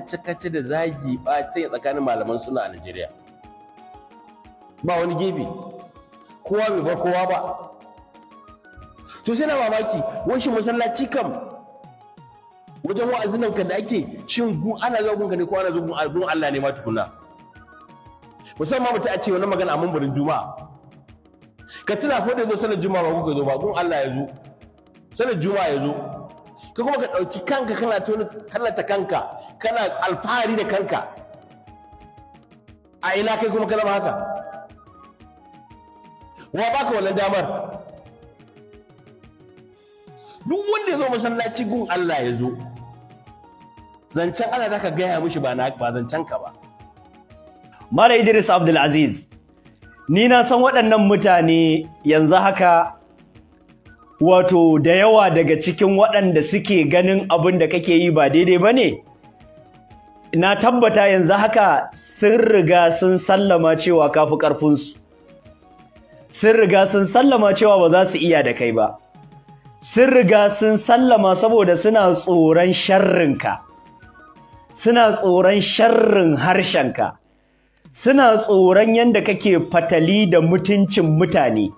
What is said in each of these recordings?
kace-kace da zagi ba ta tsakanin malaman suna a Najeriya ba wani gefe kowa bai bar kowa ba to sai na mamaki wani masallaci kam wajen wa'azin nan da ake shin gu ana zo ka ne ko ana zagun Allah ne ma tukuna musamman mutum a ce wani magana a mambarin juma'a ka tuna ko da zo sanar juma'a ba kuka zo ba gun Allah ya zo sanar juma'a ya zo ka kuma ka ɗauki kanka kana tallata kanka kana alfahari da kanka a ina kai kuma ka zama haka wa baka wannan damar duk wanda ya zo masallaci gun Allah ya zo zancen Allah zaka gaya mishi ba ba zancen ka ba Mala Idris Abdul Aziz ni na san waɗannan mutane yanzu haka wato da yawa daga cikin waɗanda suke ganin abin da kake yi ba daidai ba ne na tabbata yanzu haka sun riga sun sallama cewa ka fi ƙarfinsu sun riga sun sallama cewa ba za su iya da kai ba sun riga sun sallama saboda suna tsoron sharrinka suna tsoron sharrin harshenka suna tsoron yadda kake fatali da mutuncin mutane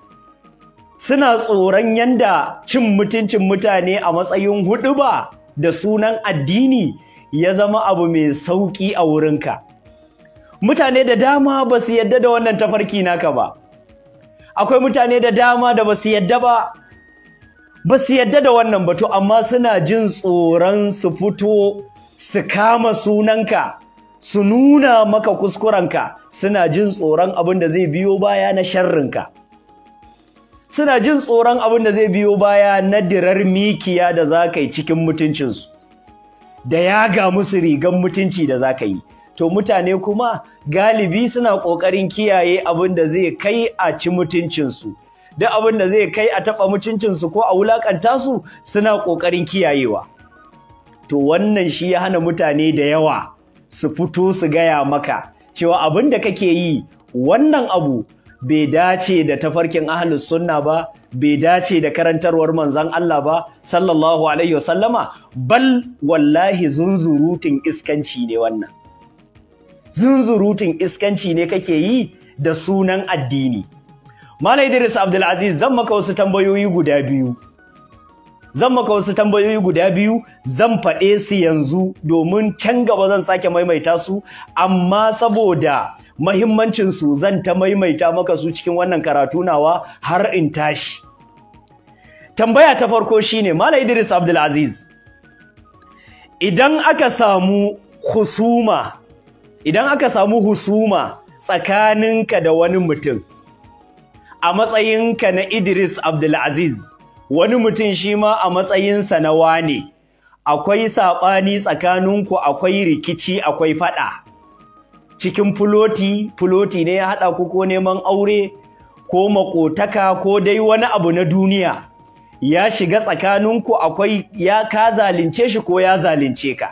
suna tsoron yanda cin mutuncin mutane a matsayin ba da sunan addini ya zama abu mai sauƙi a wurinka mutane da dama ba su yadda da wannan tafarki naka ba akwai mutane da dama da ba su yadda ba ba su yadda da wannan batu amma suna jin tsoron su fito su kama sunanka su nuna maka kuskurenka suna jin tsoron abin da zai biyo baya na sharrinka suna jin tsoron abin da zai biyo baya na dirar mikiya da za ka yi cikin mutuncinsu da ya ga musu rigan mutunci da za ka yi to mutane kuma galibi suna ƙoƙarin kiyaye abin da zai kai a ci mutuncinsu da abin da zai kai a taɓa mutuncinsu ko a wulaƙanta su suna ƙoƙarin kiyayewa to wannan shi ya hana mutane da yawa su fito su gaya maka cewa abin da kake yi wannan abu bai dace da tafarkin ahlus sunna ba bai dace da karantarwar manzon Allah ba sallallahu alaihi wasallama bal wallahi zunzurutin iskanci ne wannan zunzurutin iskanci ne kake yi da sunan addini Malam Idris Abdulaziz zan maka wasu tambayoyi guda biyu zan maka wasu tambayoyi guda biyu zan faɗe su yanzu domin can gaba zan sake maimaita su amma saboda mahimmancin su zan ta maimaita maka su cikin wannan karatu nawa har in tashi tambaya ta farko shine Malam Idris Abdulaziz idan aka samu husuma idan aka samu husuma tsakaninka da wani mutum a matsayinka na Idris Abdulaziz wani mutum shi ma a matsayinsa na wane akwai saɓani tsakaninku akwai rikici akwai faɗa cikin fuloti fuloti ne ya haɗa ku ko neman aure ko makotaka ko dai wani abu na duniya ya shiga tsakaninku akwai ya ka zalunce shi ko ya zalunce ka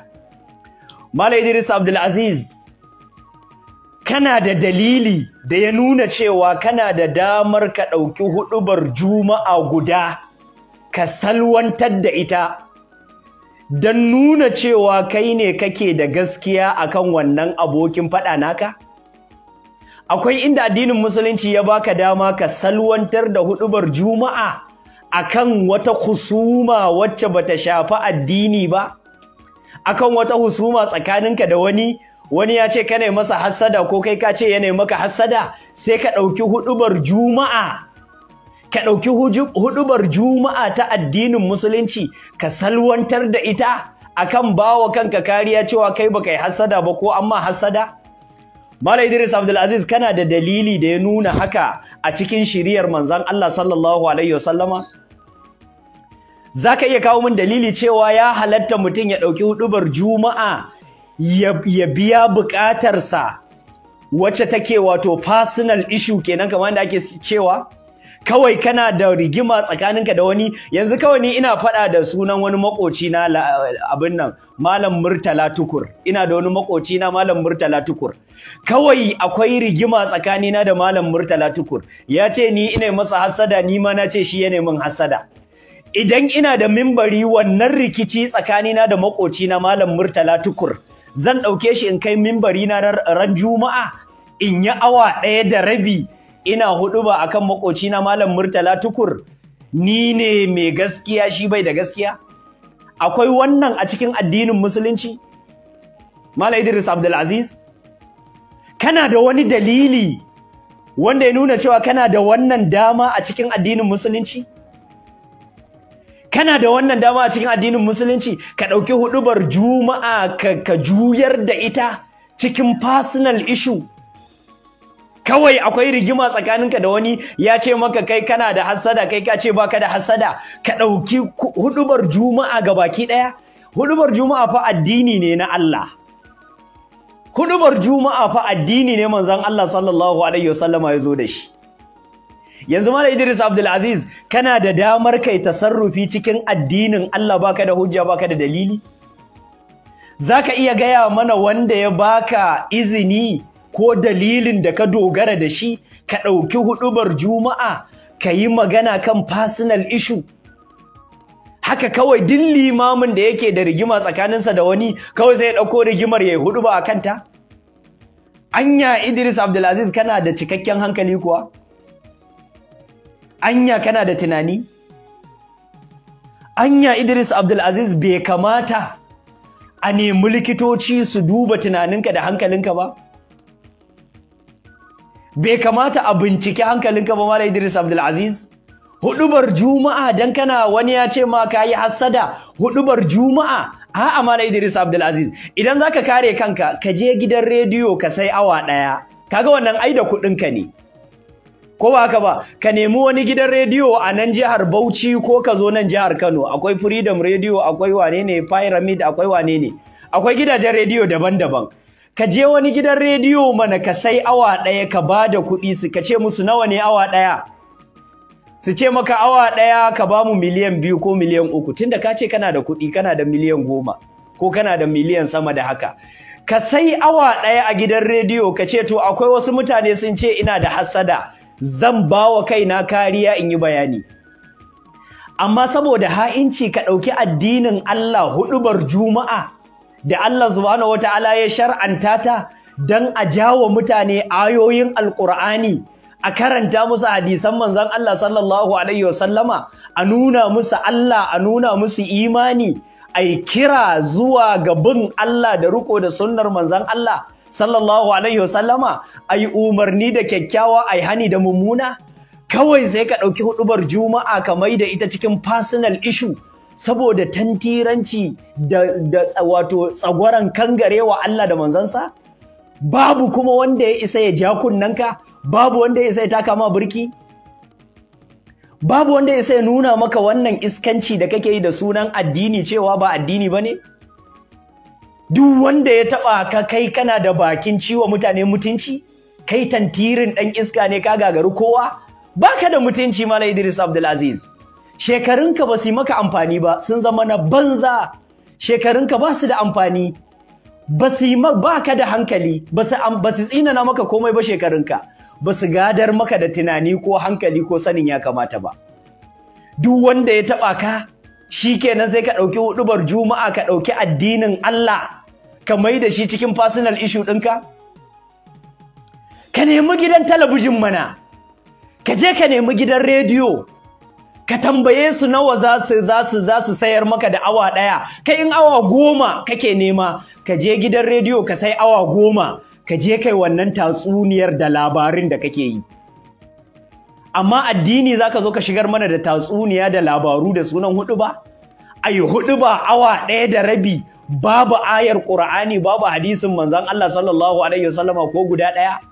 Malam Idris Abdulaziz kana da dalili da ya nuna cewa kana da damar ka ɗauki huɗubar juma'a guda ka salwantar da ita don nuna cewa kai ne kake da gaskiya akan wannan abokin faɗa naka? Akwai inda addinin musulunci ya baka dama ka salwantar da hudubar juma'a akan wata husuma wacce bata shafi addini ba? Akan wata husuma tsakaninka da wani wani ya ce kana masa hassada ko kai ka ce yana maka hassada sai ka ɗauki hudubar juma'a ka ɗauki hudubar juma'a ta addinin musulunci ka salwantar da ita akan bawa kanka kariya cewa kai baka yi hassada ba ko amma hassada Mala Idris Abdulaziz kana da dalili da ya nuna haka a cikin shiriyar manzan Allah sallallahu alaihi wasallama za ka iya kawo min dalili cewa ya halatta mutum ya ɗauki hudubar juma'a ya biya buƙatarsa wacce take wato personal issue kenan kamar da ake cewa kawai kana da rigima tsakaninka da wani yanzu kawai ni ina faɗa da sunan wani makoci na abin nan malam murtala tukur ina da wani makoci na malam murtala tukur kawai akwai rigima tsakanina da malam murtala tukur ya ce ni ina masa hassada ni ma na ce shi yana min hassada idan ina da mimbari wannan rikici tsakanina da makoci na malam murtala tukur zan ɗauke shi in kai mimbari na ran juma'a in yi awa ɗaya da rabi ina hudu ba akan makoci na malam murtala tukur ni ne mai gaskiya shi bai da gaskiya akwai wannan a cikin addinin musulunci malam idris abdulaziz kana da wani dalili wanda ya nuna cewa kana da wannan dama a cikin addinin musulunci kana da wannan dama a cikin addinin musulunci ka ɗauki hudubar juma'a ka, ka juyar da ita cikin personal issue kawai akwai rigima tsakaninka da wani ya ce maka kai kana da hassada kai ka ce baka da hassada ka ɗauki hudubar juma'a ga baki ɗaya hudubar juma'a fa addini ne na Allah hudubar juma'a fa addini ne manzon Allah sallallahu alaihi wasallama ya zo da shi yanzu malam Idris Abdulaziz kana da damar kai tasarrufi cikin addinin Allah baka da hujja baka da dalili zaka iya gaya mana wanda ya baka izini ko dalilin da ka dogara da shi ka ɗauki huɗubar juma'a ka yi magana kan personal Ishu? haka kawai din limamin da yake da rigima tsakaninsa da wani kawai sai ya ɗauko rigimar ya yi huɗuba a kanta anya idris abdulaziz kana da cikakken hankali kuwa anya kana da tunani anya idris abdulaziz bai kamata a nemi likitoci su duba tunaninka da hankalinka ba bai kamata a binciki hankalinka ba Malam Idris Abdulaziz hudubar juma'a dan kana wani ya ce ma kayi hassada hudubar juma'a a'a Malam Idris Abdulaziz idan zaka kare kanka ka je gidan rediyo ka sai awa daya kaga wannan ai da kudin ka ne ko ba haka ba ka nemi wani gidan rediyo a nan jihar Bauchi ko ka zo nan jihar Kano akwai Freedom Radio akwai wane ne Pyramid akwai wane ne akwai gidajen rediyo daban-daban ka je wani gidan rediyo mana ka sai awa ɗaya ka ba da kuɗi su ka ce musu nawa ne awa ɗaya su ce maka awa ɗaya ka ba mu miliyan biyu ko miliyan uku tunda ka ce kana da kuɗi kana da miliyan goma ko kana da miliyan sama da haka ka sai awa ɗaya a gidan rediyo ka ce to akwai wasu mutane sun ce ina da hassada zan ba wa kaina kariya in yi bayani amma saboda ha'inci ka ɗauki addinin Allah huɗubar juma'a da Allah subhanahu ta'ala ya shar'anta ta don a jawo mutane ayoyin Alkur'ani, a karanta musu hadisan manzon Allah sallallahu alaihi wasallama a nuna musu Allah a nuna musu imani ai kira zuwa ga bin Allah da riko da sunnar manzon Allah sallallahu alaihi wasallama ai umarni da kyakkyawa ai hani da mummuna kawai sai ka ɗauki hudubar juma'a ka da ita cikin personal issue saboda tantiranci da, wato tsagwaron kangarewa Allah da manzansa? Babu kuma wanda ya isa ya ja kunnanka, babu wanda ya isa ya taka ma birki? Babu wanda ya isa ya nuna maka wannan iskanci da kake yi da sunan addini cewa ba addini ba ne? Duk wanda ya taɓa ka kai kana da bakin ciwo mutane mutunci? Kai tantirin ɗan iska ne ka gagari kowa? Ba ka da mutunci Malam Idris Abdulaziz. shekarunka ba su yi maka amfani ba sun zama na banza shekarunka ba su da amfani ba su yi ba ka da hankali ba su tsinana maka komai ba shekarunka ba su gadar maka da tunani ko hankali ko sanin ya kamata ba duk wanda ya taɓa ka shi kenan sai ka ɗauki huɗubar juma'a ka ɗauki addinin Allah ka mai da shi cikin personal issue ɗinka ka nemi gidan talabijin mana ka je ka nemi gidan rediyo ka tambaye su nawa za su za su za su sayar maka da awa ɗaya kai in awa goma kake nema ka je gidan rediyo ka sai awa goma ka je kai wannan tatsuniyar da labarin da kake yi amma addini za ka zo ka shigar mana da tatsuniya da labaru da sunan hudu ba ayi hudu ba awa ɗaya da rabi babu ayar Qur'ani babu hadisin manzon Allah sallallahu alaihi wasallama ko guda ɗaya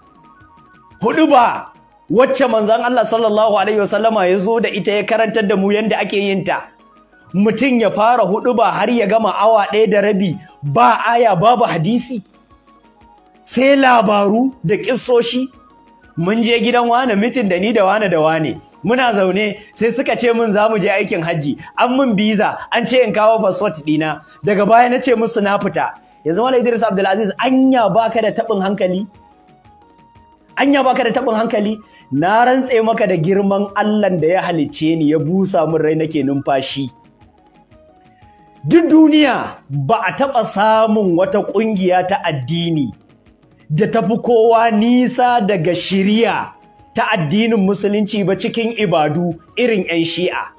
hudu ba wacce manzan Allah sallallahu alaihi wasallama ya zo da ita ya karantar da mu yadda ake yin ta mutum ya fara hudu ba har ya gama awa ɗaya da rabi ba aya babu hadisi sai labaru da ƙissoshi mun je gidan wane mitin da ni da wane da wane muna zaune sai suka ce mun zamu je aikin hajji an mun biza an ce in kawo passport ɗina. daga baya na ce musu na fita yanzu wani Idris Abdulaziz anya baka da taɓin hankali anya baka da taɓin hankali na rantse maka da girman Allahn da ya halicce ni ya busa min rai nake numfashi duk duniya ba a taɓa samun wata ƙungiya ta addini da tafi kowa nisa daga shiriya ta addinin musulunci ba cikin ibadu irin 'yan shi'a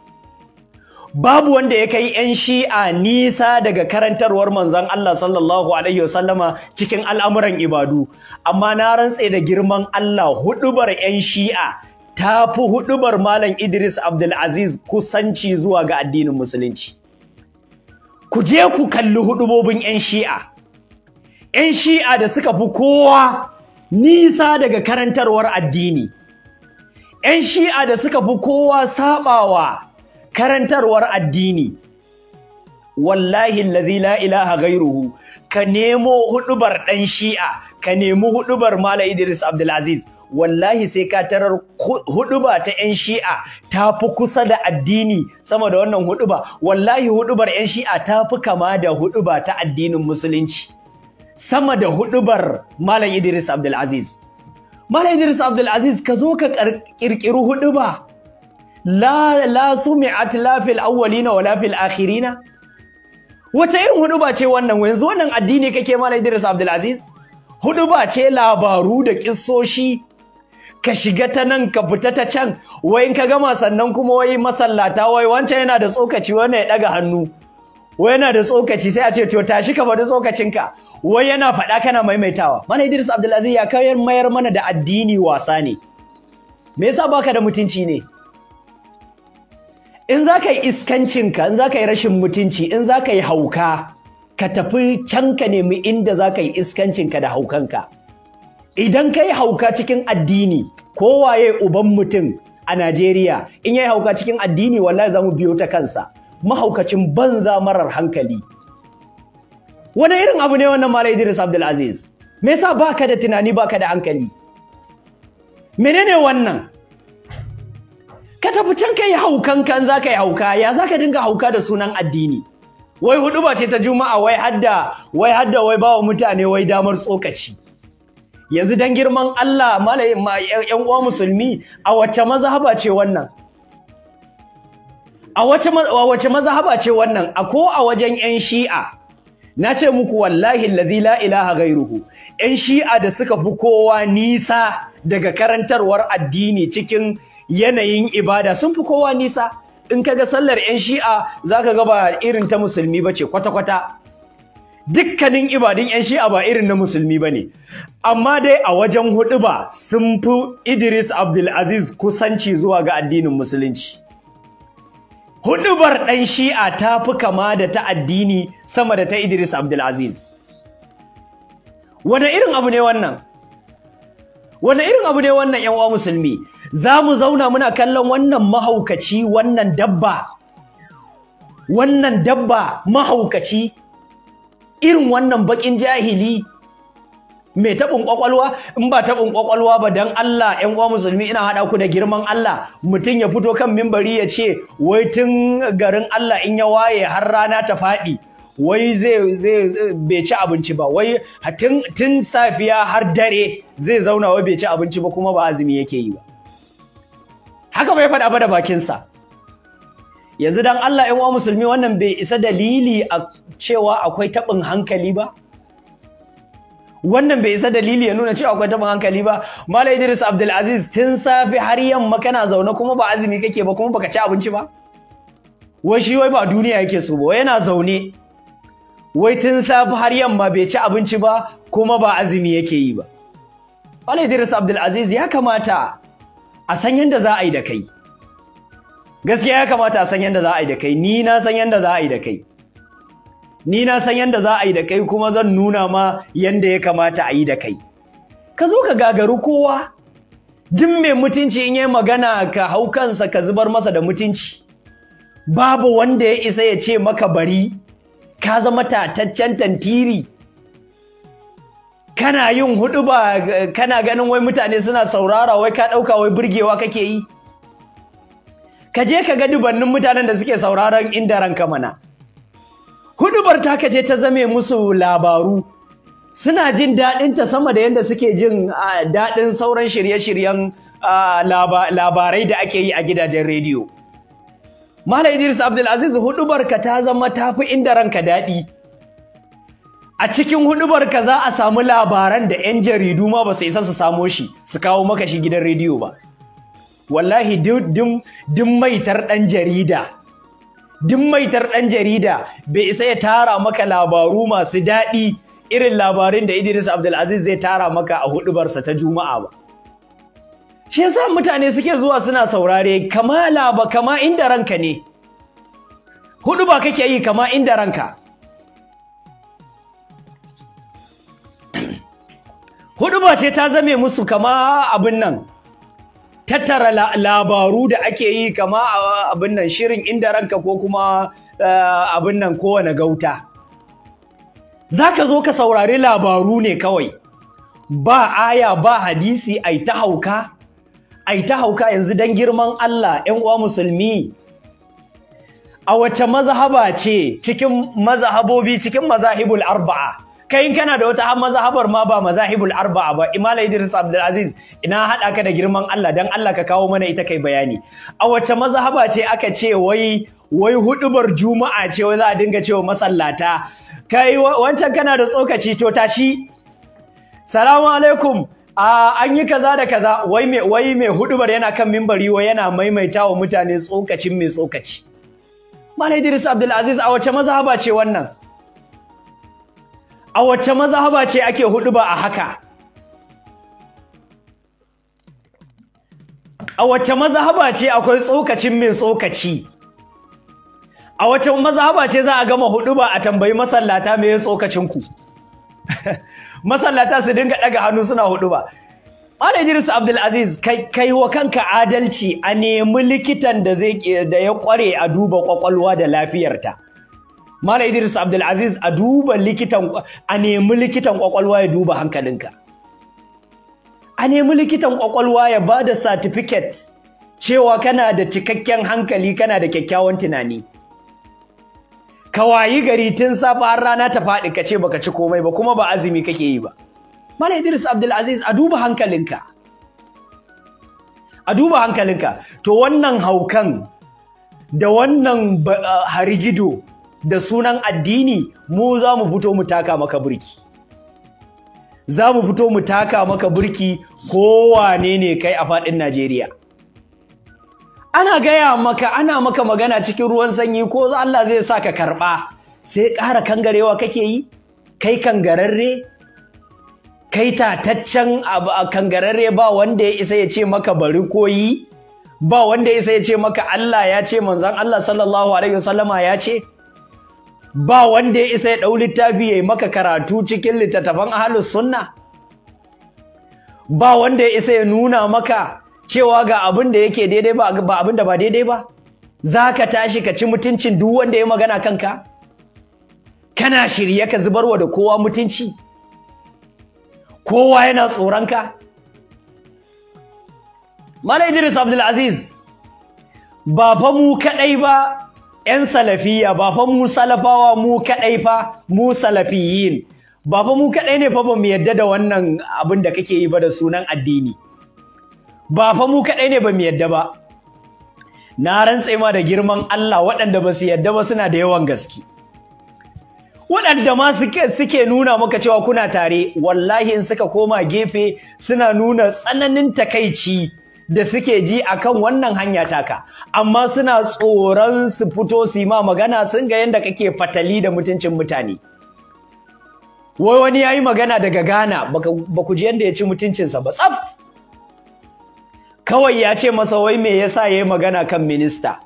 babu wanda ya kai 'yan shi'a nisa daga karantarwar manzan Allah sallallahu alaihi wasallama cikin al'amuran ibadu amma na rantse da girman Allah hudubar 'yan shi'a ta fi hudubar malam Idris Abdulaziz kusanci zuwa ga addinin musulunci ku je ku kalli hudubobin 'yan shi'a 'yan shi'a da suka fi kowa nisa daga karantarwar addini 'yan shi'a da suka fi kowa sabawa karantarwar addini wallahi lazi la ilaha gairuhu ka nemo hudubar ɗan shi'a ka nemi hudubar mala idris abdulaziz wallahi sai ka tarar huduba ta yan shi'a ta fi kusa da addini sama da wannan huduba wallahi hudubar yan shi'a ta fi kama da huduba ta addinin musulunci sama da hudubar malam idris abdulaziz malam idris abdulaziz ka zo ka kirkiri huduba la la sumi'at la fil awwalina wala fil akhirina wata irin hudu ba ce wannan yanzu wannan addini kake mana Idris Abdulaziz hudu ba ce labaru da kissoshi ka shiga ta nan ka fita ta can wai in ka gama sannan kuma wai masallata wai wancan yana da tsokaci wannan ya daga hannu wai yana da tsokaci sai a ce to tashi ka faɗi tsokacinka wai yana faɗa kana maimaitawa mana Idris Abdulaziz ya kayar mayar mana da addini wasa ne me yasa baka da mutunci ne in za ka yi iskancinka in za ka yi rashin mutunci in za ka yi hauka ka tafi can ka nemi inda za ka yi iskancinka da haukanka idan ka yi hauka cikin addini kowaye uban mutum a najeriya in ya yi hauka cikin addini wallahi za mu biyo ta kansa mahaukacin banza marar hankali wani irin abu ne wannan mala idris abdulaziz me yasa ka da tunani ba ka da hankali menene wannan ka tafi can ka yi haukan kan za ka yi hauka ya za ka dinga hauka da sunan addini wai hudu ba ce ta juma'a wai hadda wai hadda wai bawa mutane wai damar tsokaci yanzu dan girman Allah malam yan uwa musulmi a wace mazhaba ce wannan a wace a wace ce wannan a ko a wajen yan shi'a na ce muku wallahi alladhi la ilaha ghairuhu yan shi'a da suka fi kowa nisa daga karantarwar addini cikin yanayin ibada sun fi kowa nisa in ka ga sallar 'yan shi'a za ka ba irin ta musulmi ba ce kwata-kwata dukkanin ibadun 'yan shi'a ba irin na musulmi ba ne amma dai a wajen hudu ba sun fi idris abdulaziz kusanci zuwa ga addinin musulunci hudubar ɗan shi'a ta fi kama da ta addini sama da ta idris abdulaziz wane wane irin abu ne wannan 'yan uwa musulmi za mu zauna muna kallon wannan mahaukaci wannan dabba wannan dabba mahaukaci irin wannan bakin jahili mai taɓin ƙwaƙwalwa in ba taɓin ƙwaƙwalwa ba don Allah ƴan uwa musulmi ina haɗa ku da girman Allah mutum ya fito kan mimbari ya ce wai tun garin Allah in ya waye har rana ta faɗi wai zai bai ci abinci ba wai tun safiya har dare zai zauna wai bai ci abinci ba kuma ba azumi yake yi ba haka bai faɗa ba da bakinsa yanzu dan Allah ƴan uwa musulmi wannan bai isa dalili a cewa akwai taɓin hankali ba wannan bai isa dalili ya nuna cewa akwai taɓin hankali ba Malam Idris Abdul Aziz tun safi har yamma kana zaune kuma ba azumi kake ba kuma baka ci abinci ba wai shi wai ba duniya yake so ba yana zaune wai tun safi har yamma bai ci abinci ba kuma ba azumi yake yi ba Malam Idris ya kamata a san yadda za a yi da kai gaskiya ya kamata a san yadda za a yi da kai ni na san yadda za a yi da kai ni na san yadda za a yi da kai kuma zan nuna ma yadda ya kamata a yi da kai ka zo ka gagaru kowa duk mai mutunci in yi magana ka hau kansa ka zubar masa da mutunci babu wanda ya isa ya ce maka bari ka zama tataccen tantiri kana yin hudu ba kana ganin wai mutane suna saurara wai ka ɗauka wai burgewa kake yi ka je ka ga dubannin mutanen da suke sauraron inda ranka mana hudubar ta kaje ta zame musu labaru suna jin daɗin ta sama da yadda suke jin daɗin sauran shirye-shiryen labarai da ake yi a gidajen rediyo Malam Idris Abdulaziz hudubar ka ta zama tafi inda ranka daɗi a cikin hudubar ka za a samu labaran da 'yan jaridu ma ba su isa su samo shi su kawo maka shi gidan rediyo ba wallahi duk maitar ɗan jarida duk maitar ɗan jarida bai isa ya tara maka labaru masu daɗi irin labarin da Idris Abdulaziz zai tara maka a hudubarsa ta Juma'a ba. Shi yasa mutane suke zuwa suna saurare kama laba kama inda ranka ne. Hudu ba kake yi kama inda ranka. ba ce ta zame musu kama abin nan, tattara labaru da ake yi kama abin nan shirin inda ranka ko kuma abin nan kowane gauta. Za ka zo ka saurari labaru ne kawai, ba aya ba hadisi ai ta hauka, a ta hauka yanzu don girman Allah ‘yan uwa musulmi. A wace mazhaba ce cikin mazhabobi cikin mazahibul arba'a. kai kana da wata mazhabar ma ba mazahibul arba'a ba imala idris abdul aziz ina hada ka da girman Allah dan Allah ka kawo mana ita kai bayani a wace mazahaba ce aka ce wai wai hudubar juma'a ce wai za a dinga cewa masallata kai wancan kana da tsokaci to tashi salamu alaikum a an yi kaza da kaza wai mai wai me hudubar yana kan mimbari wai yana maimaita wa mutane tsokacin mai tsokaci Malai Idris Abdul Aziz a wace mazhaba ce wannan? a wace mazahaba ce ake hudu ba a haka a wace mazahaba ce akwai tsokacin min tsokaci a wace mazahaba ce za a gama hudu ba a tambayi masallata me tsokacin ku masallata su dinga daga hannu suna hudu ba Mala Idris Abdulaziz kai kai wa kanka adalci a nemi likitan da da ya kware a duba kwakwalwa da lafiyarta Malam Idris Abdulaziz a duba likitan a nemi likitan kwakwalwa ya duba hankalinka. A nemi likitan kwakwalwa ya ba da certificate cewa kana da cikakken hankali kana da kyakkyawan tunani. Ka wayi gari tun safe har rana ta faɗi ka ce baka ci komai ba kuma ba azumi kake yi ba. Malam Idris Abdulaziz a duba hankalinka. A duba hankalinka. To wannan haukan da wannan harigido da sunan addini mu za mu fito mu taka maka burki za mu fito mu taka maka burki kowane ne kai a faɗin Najeriya ana gaya maka ana maka magana cikin ruwan sanyi ko Allah zai sa ka karɓa sai ƙara kangarewa kake yi kai kangararre kai tataccen A kangararre ba wanda ya isa ya ce maka bari koyi ba wanda ya isa ya ce maka Allah ya ce manzon Allah sallallahu alaihi wasallama ya ce ba wanda ya isa ya ɗau littafi ya yi maka karatu cikin littattafan ahalus sunna ba wanda ya isa ya nuna maka cewa ga abin da yake daidai ba abin da ba daidai ba za ka tashi ka ci mutuncin duk wanda ya magana kanka kana shirye ka zubarwa da kowa mutunci kowa yana tsoronka Malam Idris Abdulaziz ba fa mu kaɗai ba 'yan salafiya ba fa mu salafawa mu kaɗai fa mu salafiyin ba fa mu kaɗai ne fa ba mu yadda da wannan abin da kake yi ba da sunan addini ba fa mu kaɗai ne ba mu yadda ba na rantse ma da girman Allah waɗanda ba su yadda ba suna da yawan gaske waɗanda ma suke nuna maka cewa kuna tare wallahi in suka koma gefe suna nuna tsananin takaici da suke ji a kan wannan hanya taka amma suna tsoron su fito su ma magana sun ga yadda kake fatali da mutuncin mutane wai wani ya yi magana daga Ghana ba ku ji yadda ya ci mutuncinsa ba tsaf kawai ya ce masa wai me yasa yi magana kan minista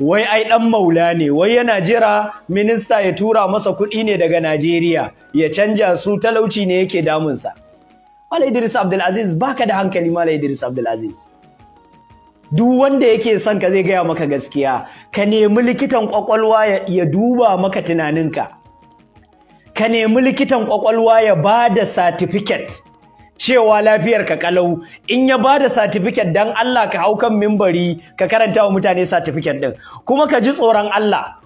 wai ai dan maula ne wai yana jira minista ya tura masa kuɗi ne daga Najeriya ya canja su talauci ne yake damunsa Mala Idris Abdulaziz ka da hankali Mala Idris Abdulaziz. Duk wanda yake son ka zai gaya maka gaskiya, ka nemi likitan kwakwalwa ya duba maka tunaninka. Ka nemi likitan ƙwaƙwalwa ya ba da certificate cewa lafiyar ka kalau in ya ba da certificate dan Allah ka hau kan mimbari ka karanta wa mutane satifiket ɗin. kuma ka ji tsoron Allah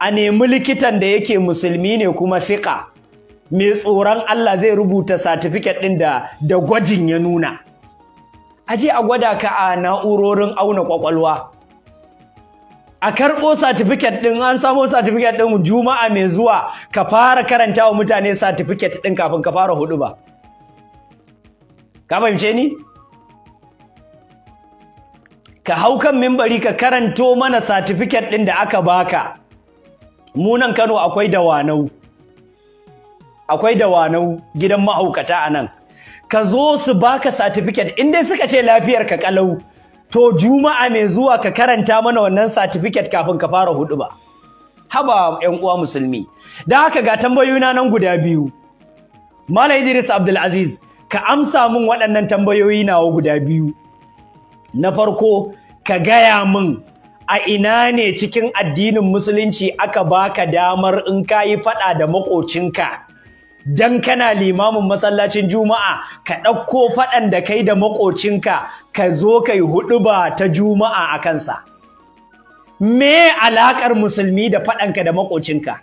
a nemi likitan da yake musulmi ne kuma fiƙa mai tsoron Allah zai rubuta satifiket ɗin da gwajin ya nuna aje a gwada ka a na'urorin auna kwakwalwa a karɓo satifiket ɗin an samo satifiket ɗin juma'a mai zuwa ka fara karanta wa mutane satifiket ɗin kafin ka fara hudu ba ka fahimce ni ka hau kan mimbari ka karanto mana satifiket ɗin da aka baka Munan kano akwai dawanau akwai dawanau gidan mahaukata a nan ka zo su baka certificate in dai suka ce lafiyar ka kalau to juma'a mai zuwa ka karanta mana wannan satifiket kafin ka fara hudu ba haba yan uwa musulmi Da haka ga tambayoyina nan guda biyu Malam Idris Abdulaziz, ka amsa min waɗannan tambayoyi nawa guda biyu na farko ka gaya mun a ina ne cikin addinin musulunci aka baka damar in kayi faɗa da makocinka dan kana limamin masallacin juma'a ka ɗauko faɗan da kai da maƙocinka ka zo ka yi ba ta juma'a a kansa me alaƙar musulmi da faɗanka da maƙocinka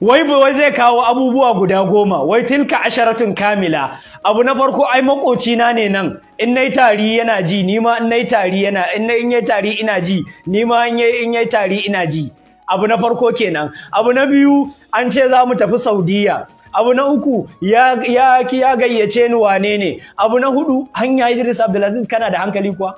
wai wai zai kawo abubuwa guda goma wai tilka asharatin kamila abu na farko ai makocina ne nan in na tari yana ji ni in na tari yana in yi tari ina ji ni in yi tari ina ji abu na farko kenan abu na biyu an ce za mu tafi saudiya abu na uku ya ya ya gayyace ni wane ne abu na hudu hanya Idris Abdulaziz kana da hankali kuwa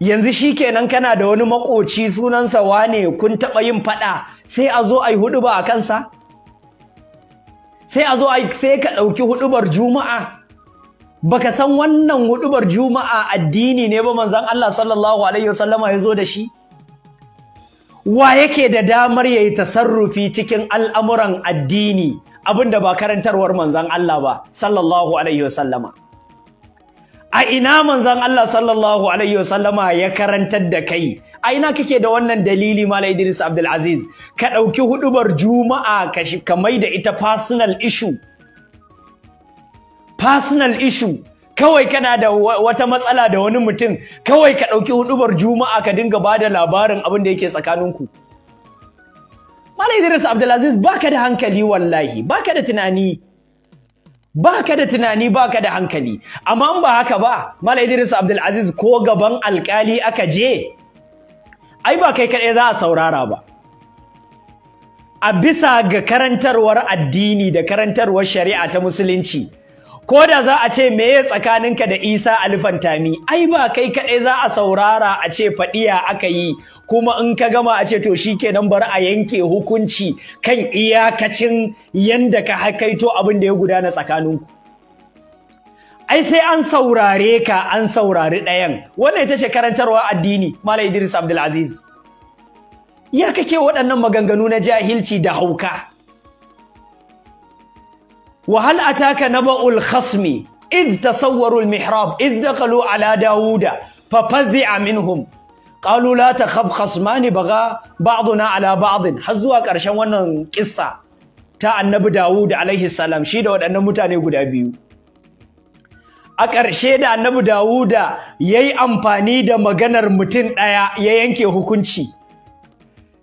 yanzu shi kenan kana da wani makoci sunansa wane kun taɓa yin faɗa sai a zo a hudu ba a kansa sai a zo ai sai ka ɗauki hudubar juma'a baka san wannan hudubar juma'a addini ne ba manzon Allah sallallahu alaihi wasallama ya zo da shi wa yake da damar ya yi tasarrufi cikin al'amuran addini abinda ba karantarwar manzan Allah ba sallallahu alaihi wasallama a ina manzan Allah sallallahu alaihi wasallama ya karantar da kai a ina kake da wannan dalili mala Idris Abdul ka ɗauki huɗubar juma'a ka mai da ita personal issue personal issue kawai kana da wata matsala da wani mutum kawai ka ɗauki hudubar juma'a ka dinga ba da labarin abin da yake tsakaninku Malam Idris Abdulaziz baka da hankali wallahi baka da tunani baka da tunani baka da hankali amma in ba haka ba Malam Idris Abdulaziz ko gaban alkali aka je ai ba kai kaɗai za a saurara ba a bisa ga karantarwar addini da karantarwar shari'a ta musulunci ko da za a ce me ya tsakaninka da Isa Alfantami ai ba kai kaɗai za a saurara a ce faɗiya aka yi kuma in ka gama a ce to shi ke nan bari a yanke hukunci kan iyakacin yanda ka hakaito abin da ya gudana tsakaninku ai sai an saurare ka an saurari ɗayan wannan ita ce karantarwa addini Malam Idris Abdulaziz ya kake waɗannan maganganu na jahilci da hauka وهل أتاك نبأ الخصم إذ تصوروا المحراب Ala Dawuda على داود ففزع منهم قالوا لا تخب خصمان بغى بعضنا على بعض حزوا كرشان wannan kissa ta annabi Dawud alaihi salam shi da waɗannan mutane guda biyu a ƙarshe da annabi Dawuda yayi amfani da maganar mutum ɗaya ya yanke hukunci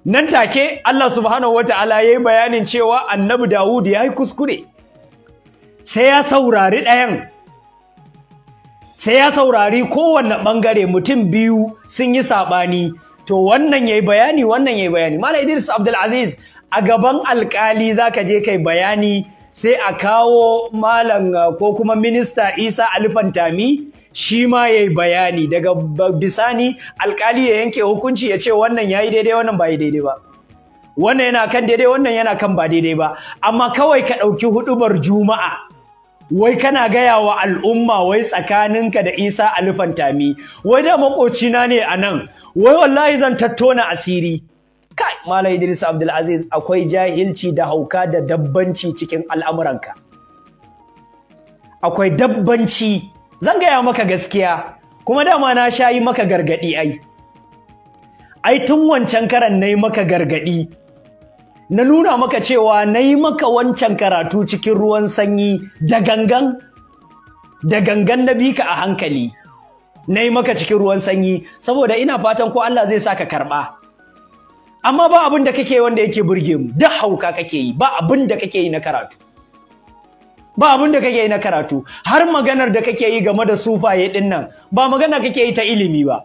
nan take Allah subhanahu ya yi bayanin cewa annabi Dawud yayi kuskure sai ya saurari ɗayan sai ya saurari kowanne ɓangare mutum biyu sun yi saɓani to wannan ya yi bayani wannan ya yi bayani mala idris abdulaziz a gaban alkali za ka je kai bayani sai a kawo malam uh, ko kuma minista isa alifantami shi ma ya yi bayani daga bisani alkali ya yanke hukunci ya ce wannan ya yi daidai wannan ba daidai ba wannan yana kan daidai wannan yana kan ba daidai ba amma kawai ka ɗauki hudubar juma'a wai kana gaya wa al'umma wai tsakaninka da isa alifantami wai da makocina ne a nan wai wallahi zan tattona asiri kai malam idris abdulaziz akwai jahilci da hauka da dabbanci cikin al'amuranka akwai dabbanci zan gaya maka gaskiya kuma dama na sha yi maka gargaɗi ai ai tun wancan karan na yi maka gargaɗi na nuna maka cewa na yi maka wancan karatu cikin ruwan sanyi da gangan da gangan na bika a hankali na yi maka cikin ruwan sanyi saboda ina fatan ko Allah zai saka karɓa amma ba abin da kake wanda yake burge mu duk hauka kake yi ba abin da kake yi na karatu ba abin da kake yi na karatu har maganar da kake yi game da sufaye din nan ba magana kake yi ta ilimi ba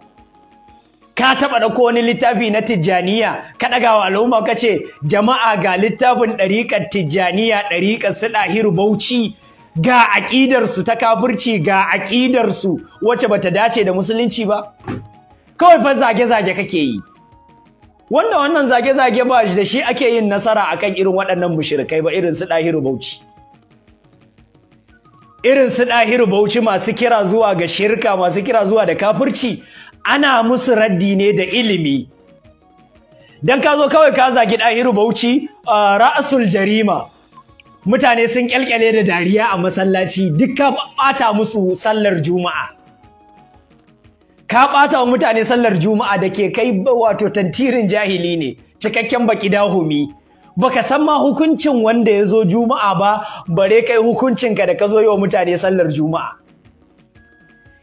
ka taɓa da wani littafi na tijjaniya ka ɗaga wa al'umma ka ce jama'a ga littafin ɗariƙar tijjaniya ɗariƙar su ɗahiru bauchi ga aƙidarsu ta kafirci ga aƙidarsu wacce bata dace da musulunci ba kawai fa zage-zage kake yi wanda wannan zage-zage ba da shi ake yin nasara akan irin waɗannan mushrikai ba irin su ɗahiru bauchi irin su ɗahiru bauchi masu kira zuwa ga shirka masu kira zuwa da kafirci ana musu raddi ne da ilimi Don ka zo kawai ka zagi ɗahiru bauchi ra'asul jarima mutane sun kyalkyale da dariya a masallaci duk ka ɓata musu sallar juma'a ka ɓata wa mutane sallar juma'a da ke kai wato tantirin jahili ne cikakken baki dahumi baka san ma hukuncin wanda ya zo juma'a ba bare kai hukuncinka da ka zo yi wa mutane sallar juma'a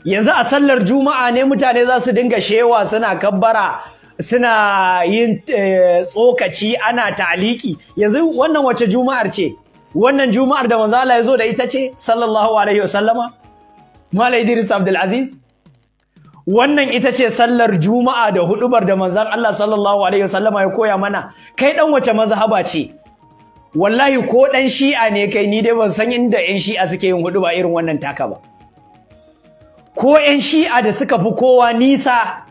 yanzu a sallar juma'a ne mutane za su dinga shewa suna kabbara suna yin eh, tsokaci ana taliki yanzu wannan wace juma'ar ce wannan juma'ar da manzala ya zo da ita ce sallallahu alaihi wasallama malai Idris Abdul Aziz wannan ita ce sallar juma'a da hudubar da manzan Allah sallallahu alaihi wasallama ya koya mana kai dan wace mazhaba ce wallahi ko dan shi'a ne kai ni dai ban san inda yan shi'a suke yin huduba irin wannan taka ba ko 'yan shi'a da suka fi kowa nisa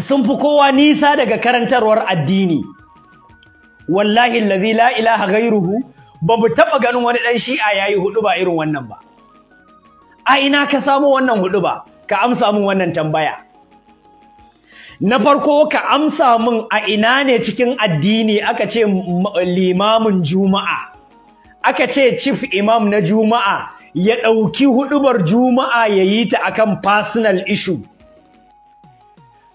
sun fi kowa nisa daga karantarwar addini wallahi lazi la ilaha gairuhu ba mu taɓa ganin wani ɗan shi'a ya yi hudu ba irin wannan ba a ina ka samo wannan hudu ba ka amsa min wannan tambaya na farko ka amsa min a ina ne cikin addini aka ce limamin juma'a aka ce chief imam na juma'a ya ɗauki hudubar juma'a ya yi ta akan personal issue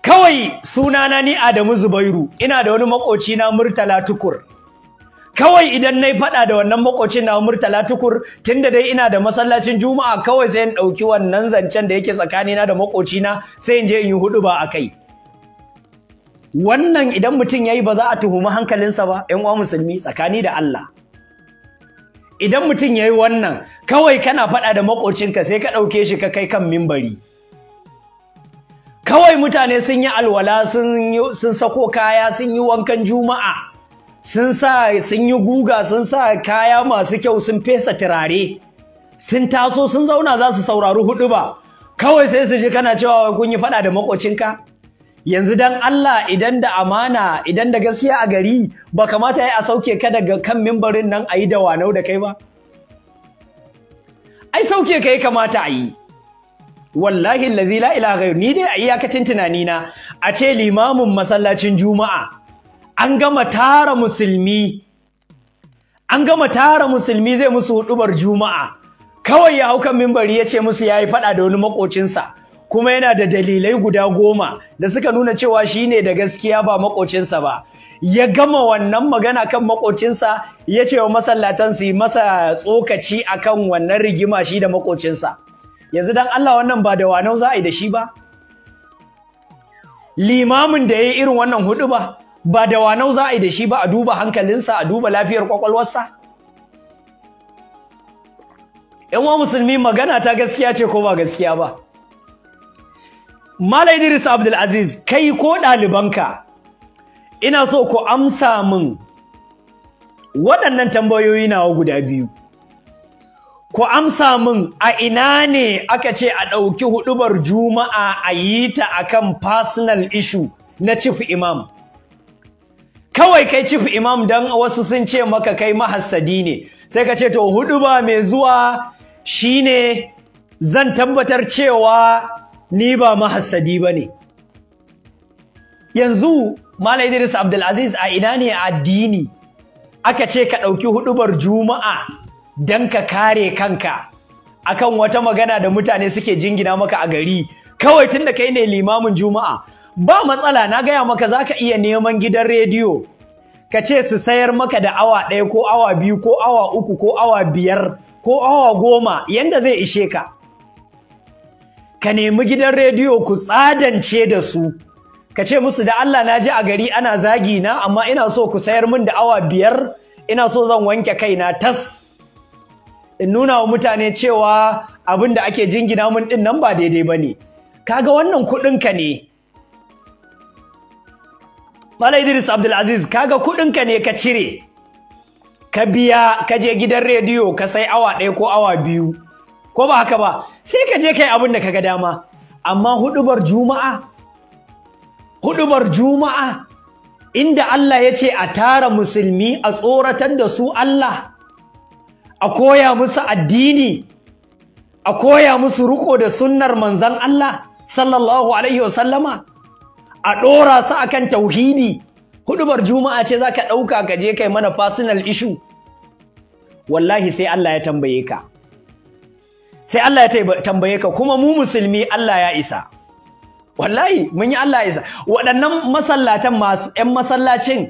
kawai sunana ni Adamu Zubairu ina da wani makoci na Murtala Tukur kawai idan nayi faɗa da wannan makocin na Murtala Tukur tunda dai ina da masallacin Juma'a kawai sai in ɗauki wannan zancen da yake tsakanina da makoci sai in je in yi a kai. wannan idan mutum ya yi ba za a tuhumi hankalinsa ba yan uwa musulmi tsakani da Allah idan mutum ya yi wannan kawai kana faɗa da makocinka sai ka ɗauke shi ka kai kan mimbari kawai mutane sun yi alwala sun sako kaya sun yi wankan juma'a sun sa sun yi guga sun sa kaya masu kyau sun fesa turare sun taso sun zauna za su saurari hudu ba kawai sai su ji kana cewa kun yi faɗa da makocinka yanzu dan Allah idan da amana idan da gaskiya a gari ba kamata ya a sauke ka daga kan mimbarin nan a yi da wanau da kai ba ai sauke ka ya kamata a yi wallahi Lazila la ilaha ni dai a iyakacin tunani na a ce limamin masallacin juma'a an gama tara musulmi an gama tara musulmi zai musu hudubar juma'a kawai ya hau kan mimbari ya ce musu ya yi faɗa da wani makocinsa kuma yana da dalilai guda goma da suka nuna cewa shi ne da gaskiya ba makocinsa ba ya gama wannan magana kan makocinsa ya ce wa masallatan su masa tsokaci akan wannan rigima shi da makocinsa yanzu dan Allah wannan ba da wanau za a yi da shi ba limamin da ya yi irin wannan hudu ba ba da wanau za a yi da shi ba a duba hankalinsa a duba lafiyar kwakwalwarsa yan wa musulmi magana ta gaskiya ce ko ba gaskiya ba Malam Idris Abdulaziz kai ko ɗalibanka ina so ku amsa min waɗannan tambayoyi nawa guda biyu. Ku amsa min a ina ne aka ce a ɗauki huɗubar juma'a a yi ta akan personal issue na cif imam. Kawai kai cif imam don wasu sun ce maka kai mahassadi ne sai ka ce to huɗuba mai zuwa shine zan tabbatar cewa ni ba mahassadi ba ne yanzu Malam Idris Abdulaziz a ina ne a addini aka ce ka ɗauki huɗubar juma'a don ka kare kanka akan wata magana da mutane suke jingina maka a gari kawai tunda kai ne limamin juma'a ba matsala na gaya maka za ka iya neman gidan rediyo ka ce su sayar maka da awa ɗaya ko awa biyu ko awa uku ko awa biyar ko awa goma yanda zai ishe ka ka nemi gidan rediyo ku tsadance da su ka ce musu da Allah na ji a gari ana zagi na amma ina so ku sayar min da awa biyar ina so zan wanke kaina tas in nuna wa mutane cewa abin da ake jingina min din nan ba daidai ba ne kaga wannan kuɗinka ne Malai Idris Abdulaziz kaga ka ne ka cire ka biya ka je gidan rediyo ka sai awa ɗaya ko awa biyu ko ba haka ba sai ka je kai abin da kaga dama amma hudubar juma'a hudubar juma'a inda Allah ya ce a tara musulmi a tsoratar da su Allah a koya musu addini a koya musu riko da sunnar manzan Allah sallallahu alaihi wasallama a ɗora su akan tauhidi hudubar juma'a ce zaka ɗauka ka je kai mana personal ishu. wallahi sai Allah ya tambaye ka sai Allah ya tambaye ka kuma mu musulmi Allah ya isa wallahi mun yi Allah ya isa waɗannan masallatan masu ƴan masallacin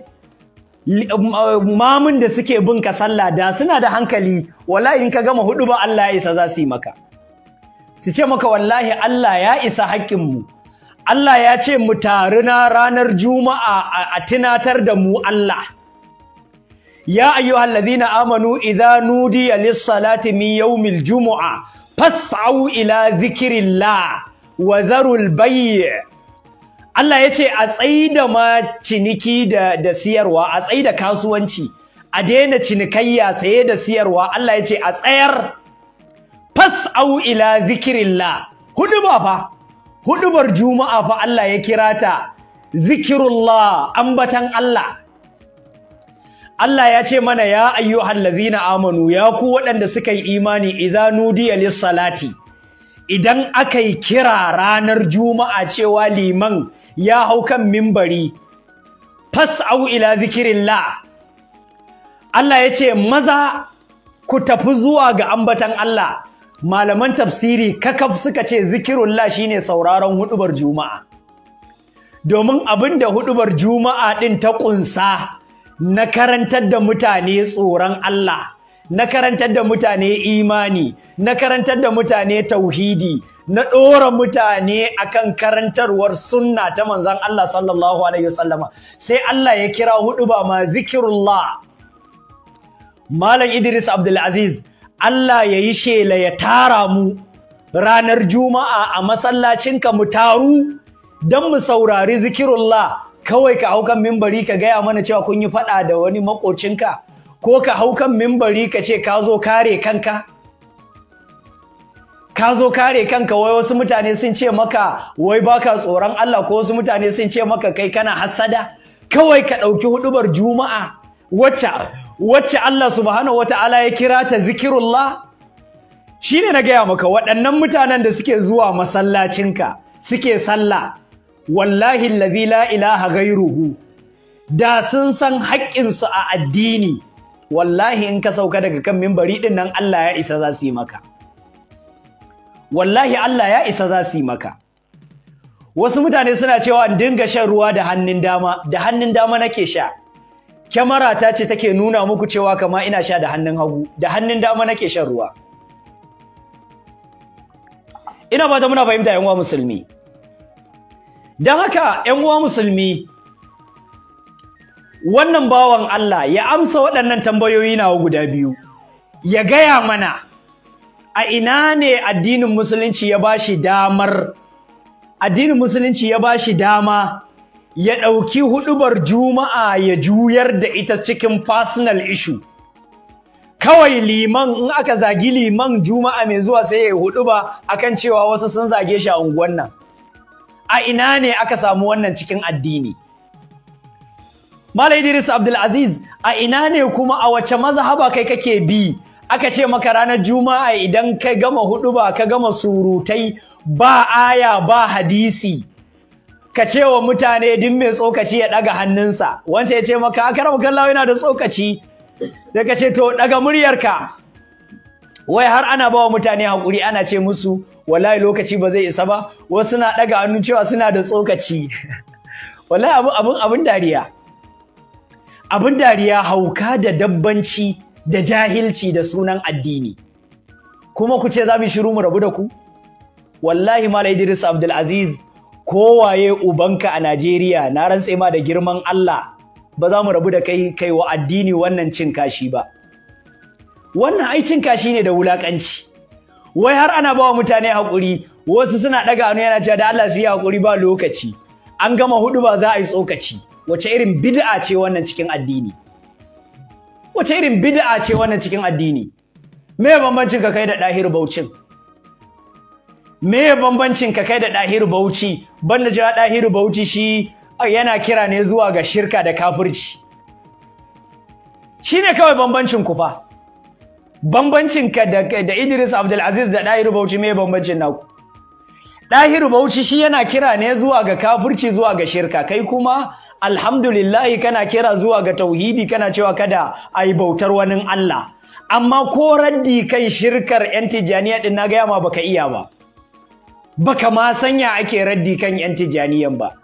um, uh, mamun da suke bin ka sallah da suna da hankali wallahi in ka gama hudu ba Allah ya isa za su yi maka su ce maka wallahi Allah ya isa haƙƙin mu Allah ya ce mu na ranar Juma'a a tunatar da mu Allah. Ya ayyuhal amanu idza nudiya lis-salati min yawmil jumu'a fas'au ila zikirillah wa zarul bayyi Allah ya ce a tsaida ma ciniki da siyarwa a tsaida kasuwanci a daina cinikayya saye da siyarwa Allah ya ce a tsayar fas'au ila zikirillah huduba fa hudubar juma'a fa Allah ya kirata. ta zikirullah ambatan Allah Allah ya ce mana ya ayyuhal Hallazina amanu ya ku waɗanda suka yi imani idza nudiya salati idan aka kira ranar juma'a cewa liman ya hau kan mimbari au ila zikirillah Allah ya ce maza ku tafi zuwa ga ambatan Allah malaman tafsiri kakaf suka ce zikirullah shine sauraron hudubar juma'a domin abinda hudubar juma'a ɗin ta kunsa na karantar da mutane tsoron Allah na karantar da mutane imani na karantar da mutane tauhidi na ɗora mutane akan karantarwar sunna ta manzan Allah sallallahu alaihi wasallama sai Allah ya kira hudu ba ma zikirullah Malam Idris Abdulaziz Allah ya yi shela ya tara mu ranar Juma'a a masallacinka mu taru don mu saurari zikirullah kawai ka hau kan mimbari ka gaya mana cewa kun yi faɗa da wani makocinka ko ka hau kan mimbari ka ce ka zo kare kanka ka zo kare kanka wai wasu mutane sun ce maka wai baka tsoron Allah ko wasu mutane sun ce maka kai kana hassada kawai ka ɗauki huɗubar juma'a wacce wacce Allah subhanahu wata'ala ya kira ta zikirullah shine na gaya maka waɗannan mutanen da suke zuwa masallacinka suke sallah wallahi allazi la ilaha gairuhu da sun san haƙƙinsu a addini wallahi in ka sauka daga kan mimbari ɗin nan Allah ya isa za su yi maka wallahi Allah ya isa za su yi maka wasu mutane suna cewa in dinga shan ruwa da hannun dama da hannun dama nake sha kyamara ta ce take nuna muku cewa kama ina sha da hannun hagu da hannun dama nake shan ruwa ina ba da muna fahimta yan uwa musulmi dan haka ‘yan uwa musulmi, wannan bawan Allah ya amsa waɗannan tambayoyi nawa guda biyu, ya gaya mana a ina ne addinin musulunci ya bashi damar addinin musulunci ya bashi dama ya ɗauki huɗubar juma'a ya juyar da ita cikin personal ishu? kawai liman in aka zagi liman juma'a mai zuwa sai ya yi huɗuba akan cewa wasu sun zage shi a unguwan nan a ina ne aka samu wannan cikin addini Malai Idris Abdul Aziz a ina ne kuma a wace mazhaba kai kake bi aka ce maka ranar juma'a idan ka gama ba ka gama surutai ba aya ba hadisi ka ce wa mutane din mai tsokaci ya ɗaga hannunsa wance ya ce maka akaram kallawa yana da tsokaci sai ka ce to daga muryarka wai har ana bawa mutane hakuri ana ce musu wallahi lokaci ba zai isa ba wasu suna ɗaga hannu cewa suna da tsokaci wallahi abin abin dariya abin dariya hauka da dabbanci da jahilci da sunan addini kuma ku ce za mu shiru mu rabu da ku wallahi mala idris abdulaziz kowaye ubanka a najeriya na rantse ma da girman allah ba za mu rabu da kai kai wa addini wannan cin kashi ba wannan ai kashi ne da wulakanci wai har ana bawa mutane hakuri wasu suna ɗaga hannu yana cewa da Allah su yi hakuri ba lokaci an gama hudu ba za a yi tsokaci wace irin bid'a ce wannan cikin addini wace irin bid'a ce wannan cikin addini me ya bambancin ka kai da dahir baucin me ya bambancin ka kai da dahir bauci banda jira dahir bauci shi yana kira ne zuwa ga shirka da kafirci shine kawai bambancin ku fa bambancin ka da da Idris aziz da Dahiru Bauchi me bambancin naku Dahiru Bauchi shi yana kira ne zuwa ga kafirci zuwa ga shirka kai kuma alhamdulillah kana kira zuwa ga tauhidi kana cewa kada ai bautar wani Allah amma ko raddi kan shirkar yan tijaniya din na gaya baka iya ba baka ma sanya ake raddi kan yan tijaniyan ba